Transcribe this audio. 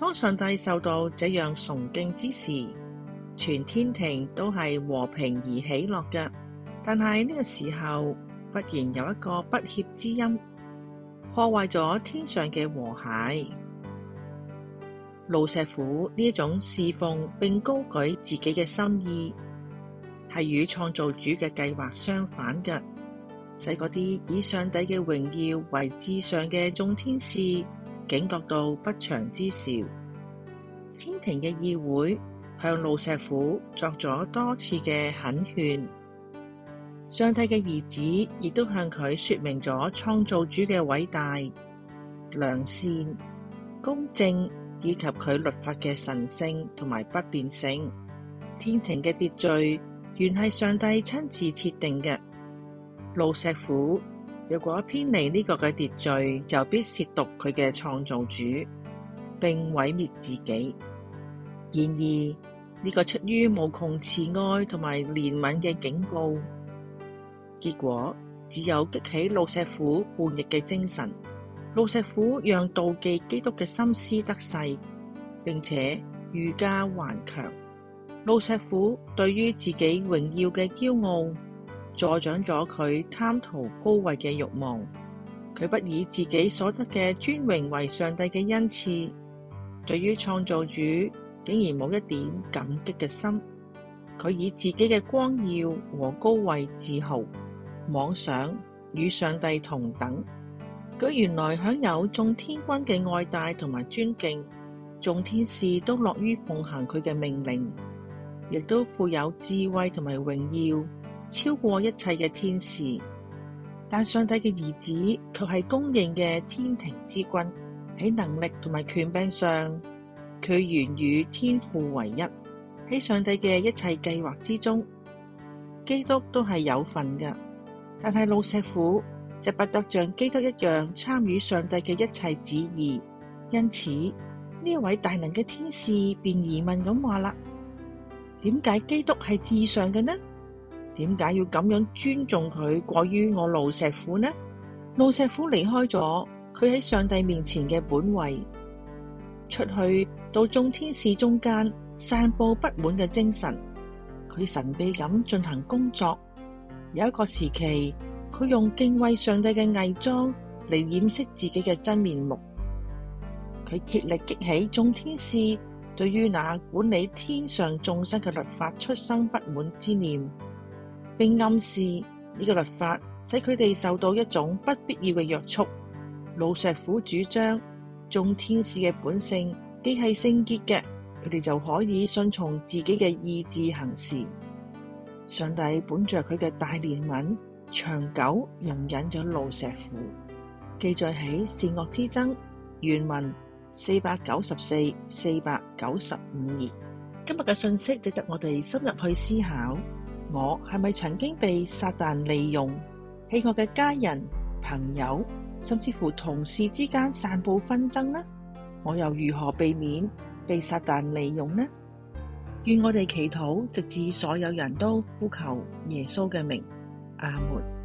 當上帝受到這樣崇敬之時，全天庭都係和平而喜樂嘅。但係呢個時候，忽然有一個不協之音，破壞咗天上嘅和諧。路錫甫呢種侍奉並高舉自己嘅心意，係與創造主嘅計劃相反嘅。使嗰啲以上帝嘅榮耀為至上嘅眾天使。警覺到不祥之兆，天庭嘅議會向路錫甫作咗多次嘅懇勸，上帝嘅兒子亦都向佢說明咗創造主嘅偉大、良善、公正以及佢律法嘅神聖同埋不變性。天庭嘅秩序原係上帝親自設定嘅，路錫甫。若果偏離呢個嘅秩序，就必褻瀆佢嘅創造主，並毀滅自己。然而呢個出於無窮慈愛同埋憐憫嘅警告，結果只有激起路錫甫叛逆嘅精神。路錫甫讓妒忌基督嘅心思得勢，並且愈加頑強。路錫甫對於自己榮耀嘅驕傲。助長咗佢貪圖高位嘅慾望，佢不以自己所得嘅尊榮為上帝嘅恩賜，對於創造主竟然冇一點感激嘅心。佢以自己嘅光耀和高位自豪，妄想與上帝同等。佢原來享有眾天軍嘅愛戴同埋尊敬，眾天使都樂於奉行佢嘅命令，亦都富有智慧同埋榮耀。超過一切嘅天使，但上帝嘅兒子卻係公認嘅天庭之君。喺能力同埋權柄上，佢原與天父為一。喺上帝嘅一切計劃之中，基督都係有份㗎。但係路錫甫就不得像基督一樣參與上帝嘅一切旨意。因此，呢位大能嘅天使便疑問咁話啦，點解基督係至上嘅呢？點解要咁樣尊重佢過於我路石虎呢？路石虎離開咗佢喺上帝面前嘅本位，出去到眾天使中間散布不滿嘅精神。佢神秘咁進行工作。有一個時期，佢用敬畏上帝嘅偽裝嚟掩飾自己嘅真面目。佢竭力激起眾天使對於那管理天上眾生嘅律法出生不滿之念。並暗示呢、這個律法使佢哋受到一種不必要嘅約束。路石虎主張，眾天使嘅本性既係聖潔嘅，佢哋就可以順從自己嘅意志行事。上帝本着佢嘅大憐憫，長久容忍咗路石虎。記載喺善惡之爭原文四百九十四、四百九十五頁。今日嘅信息值得我哋深入去思考。我係咪曾經被撒但利用，喺我嘅家人、朋友，甚至乎同事之間散布紛爭呢？我又如何避免被撒但利用呢？願我哋祈禱，直至所有人都呼求耶穌嘅名。阿門。